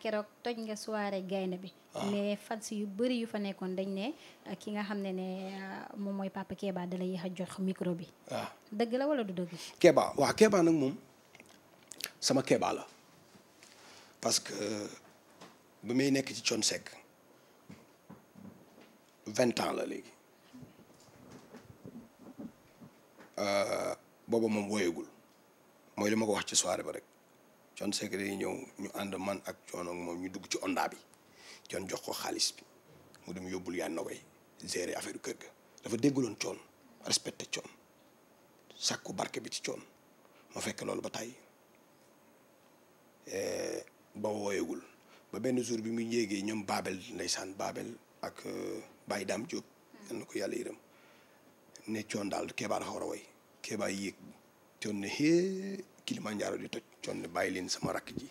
keroog toj nga soirée gaynde bi mais ah. fans yu bëri yu fa nekkoon dañ ne ah, ki nga xam ne ne ah, moom mooy Papa Kéba da la a jox micro bi waaw dëgg la wala du dëgg Kéba waa Kéba nag moom sama Kéba la parce que bi may nekk ci Thione Seck vingt ans la léegi euh, booba moom wooyagul mooy li ma ko wax ci soirée ba rek con secret yi ñëw ñu ànd man ak coono moom ñu dugg ci onda bi con jox ko xaalis bi mu dem yóbbul yaa na way gérer affaire kër ga dafa dégguloon coon respecté coon sàkku barke bi ci coon ma fekk loolu ba tàyyi eh, ba wooyegul ba benn jour bi muy yéegee ñoom Babel ndeysaan Babel ak eh, Baye Dame Diop hmm. ko yàlla yërëm ne coon daal keebaa dafa war a yéeg coon ne xée Kilimanjaro di toj coon ne bàyyi leen sama rakk ji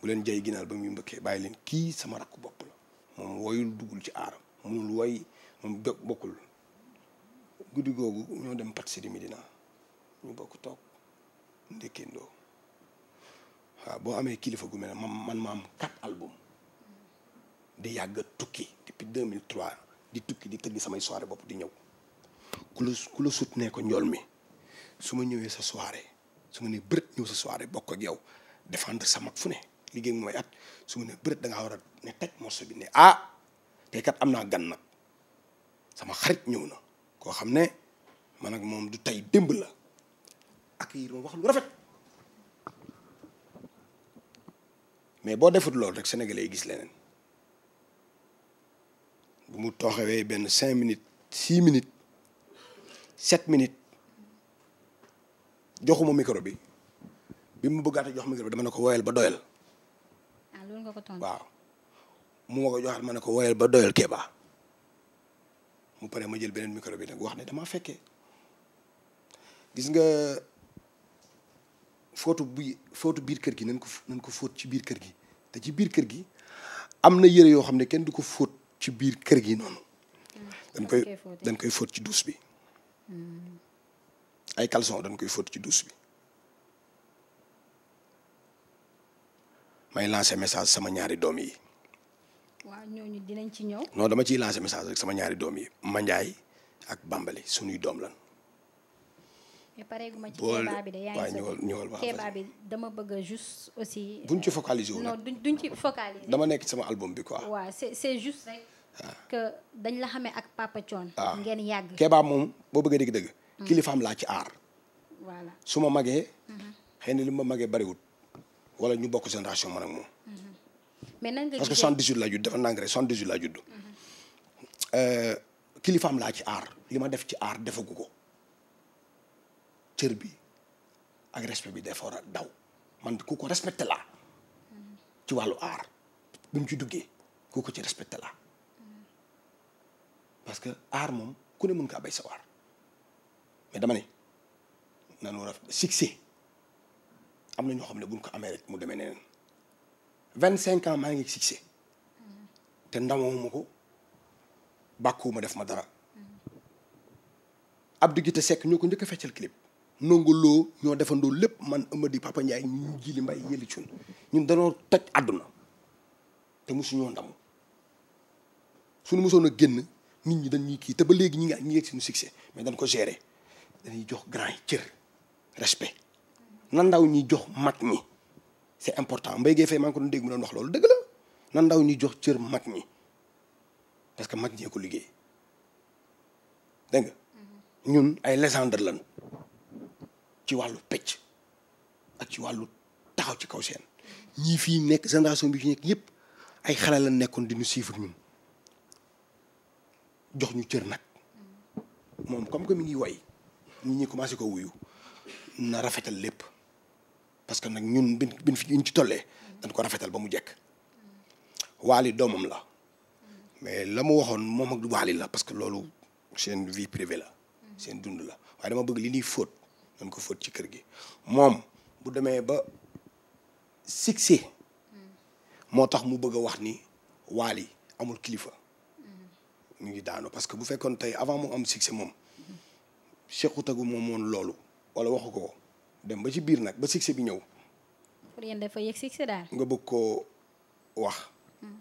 bu leen jay ginaar ba muy mbëkkee bàyyi leen kii sama rakk bopp la moom woyul duggul ci aaram munul woy moom bokkul guddi googu ñoo dem mi dina ñu bokk toog ndékkendoo waaw boo amee kilifa gu mel ne man man ma am quatre album di yàgg a tukki depuis 2003 di tukki di tëgg samay soirée bopp di ñëw ku la ku la sut ne ko njool mi su ma ñëwee sa soirée su ma nee bërët ñëw sa soirée bokk ak yow défendre sama mag fu ne liggéey mu may at su ma nee bërët da ngaa war a ne taj morceau bi ne ah tey kat am naa gan nag sama xarit ñëw na koo xam ne man ak moom du tey démb la ak yi ma wax lu rafet mais boo defut loolu rek sénégalais yi gis leneen bu mu tooxewee benn cinq minutes six minutes sept minutes joxuma micro bi bi mu bëggaatee jox micro bi dama ne ko woyal ba doyal. ah loolu nga ko tontu waaw mu ma ne ko woyal ba doyal Kéba mu pare ma jël beneen micro bi nag wax ne dama fekkee gis nga fóotu bi fóotu biir kër gi nañ ko nañ ko fóot ci biir kër gi te ci biir kër gi am na yére yoo xam ne kenn du ko fóot ci biir kër gi noonu. Mm. dañ koy dañ koy fóot ci duus bi. Mm. ay caleçon dañ koy fóot ci douche bi may lancer message sama ñaari doom yi. waaw ñooñu dinañ ci ñëw. non dama ciy lancer message rek sama ñaari doom yi Mandiaye ak Bambali sunuy doom lan. mais pareeguma ci débat bi de yaa ngi ñëwal ñëwal débat bi dama bëgg juste aussi. buñ ci euh, focaliser wu non duñ ci focaliser. dama nekk sama album bi quoi. waaw c'est c'est juste rek. Ah. dañ la xamee ak Papa Thione. Ah. ngeen yàgg. Kéba moom boo bëggee dëgg-dëgg. Mm-hmm. kilifaam laa ci aar. su ma magee. xëy na li ma magee bariwul wala ñu bokk génération man ak moom. Mm-hmm. mais parce que soixante dix huit laa judd dafa nang rek soixante laa ci aar li def ci aar defagu ko cër bi ak respect bi dafa war a daw man ku ko respecté laa mm-hmm. ci wàllu aar bi mu ci duggee ku ko ci respecté laa parce que aar moom ku ne mën kaa bay sa waar. mais dama ne nanu raf succès am na ñoo xam ne buñ ko amee rek mu demee neneen vingt cinq ans maa ngi succès te ndamooma ko bàkkuwuma def ma dara Abdou Guité sekk ñoo ko njëkk a feccal clip nongo loo ñoo defandoo lépp man Amady Papa Ndiaye ñu jili mbay yëli cun ñun danoo toj àdduna te mosu ñoo ndamu suñu mosoon a génn nit ñi dañuy kii te ba léegi ñi nga ñi yegg suñu succès mais dañ ko gérer dañuy jox grand yi cër respect nan ndaw ñi jox mat ñi c'est important Mbaye Gueye Faye maa ngi dégg mu doon wax loolu dëgg la nan ndaw ñi jox cër mat ñi parce que mag ñee ko liggéey dégg nga mhm. ñun ay légende lañ ci wàllu pecc ak ci wàllu taxaw ci kaw seen mhm. ñii fii nekk génération bi fi nekk yëpp ay xale la nekkoon di ñu siifut ñun jox ñu cër nag mhm. moom comme que mi ngi woy nit ñi commencé ko wuyu na rafetal lépp parce que nag ñun bin bin fi ñu ci tollee dañ ko rafetal ba mu jekk waali doomam la mais la mu waxoon moom ak waali la parce que loolu seen vie privée la seen dund la waaye dama bëgg li ñuy fóot dañ ko fóot ci kër gi moom bu demee ba succès moo tax mu bëgg a wax ni waali amul kilifa ñu ngi daanu parce que bu fekkoon tey avant mu am succès moom sequtagu moom moon loolu wala waxu ko dem ba ci biir nag ba succès bi ñëw. pour yéen dafa daal. nga bëgg koo wax. Hmm.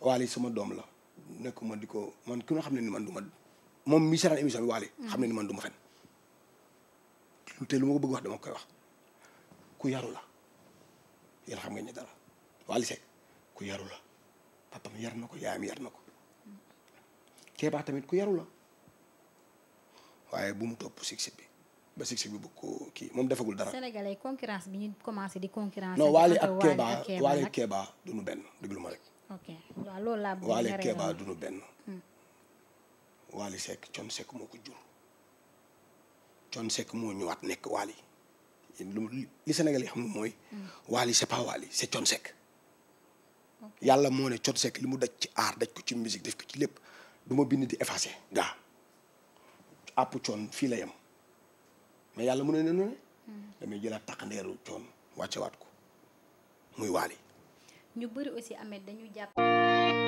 Waly sama doom la nekkuma di ko man ki nga xam ne ni man du ma moom mi seetaan émission bi Waly. Hmm. xam ne ni man du ma fen te lu ma ko bëgg wax dama koy wax ku yaru la yéen xam ngeen ne dara Waly ku yaru la papam yar na ko yaayam yar na ko hmm. Keba tamit ku yaru la. waaye bu mu topp succès bi ba succès bi bëgg ko kii moom defagul dara. Sénégalais concurrence bi ñu commencé di concurrence. non Wally ak Kéba Wally ak Kéba du nu benn déglu ma rek. ok waaw loolu laa hmm. moo ko jur. Thione Seck moo ñëwaat nekk Wally lu li Sénégal yi mooy. Hmm. Wally c'est pas Wally c'est Thione yàlla moo ne Thione Seck li mu daj ci aar daj ko ci musique def ko ci lépp duma bind di effacer gaa. àpp coon fii la yem mais yàlla mu ne ne ne damay jëlaat taqandeeru coon wàccewaat ko muy waali ñu bëri aussi Ameth dañu jàpp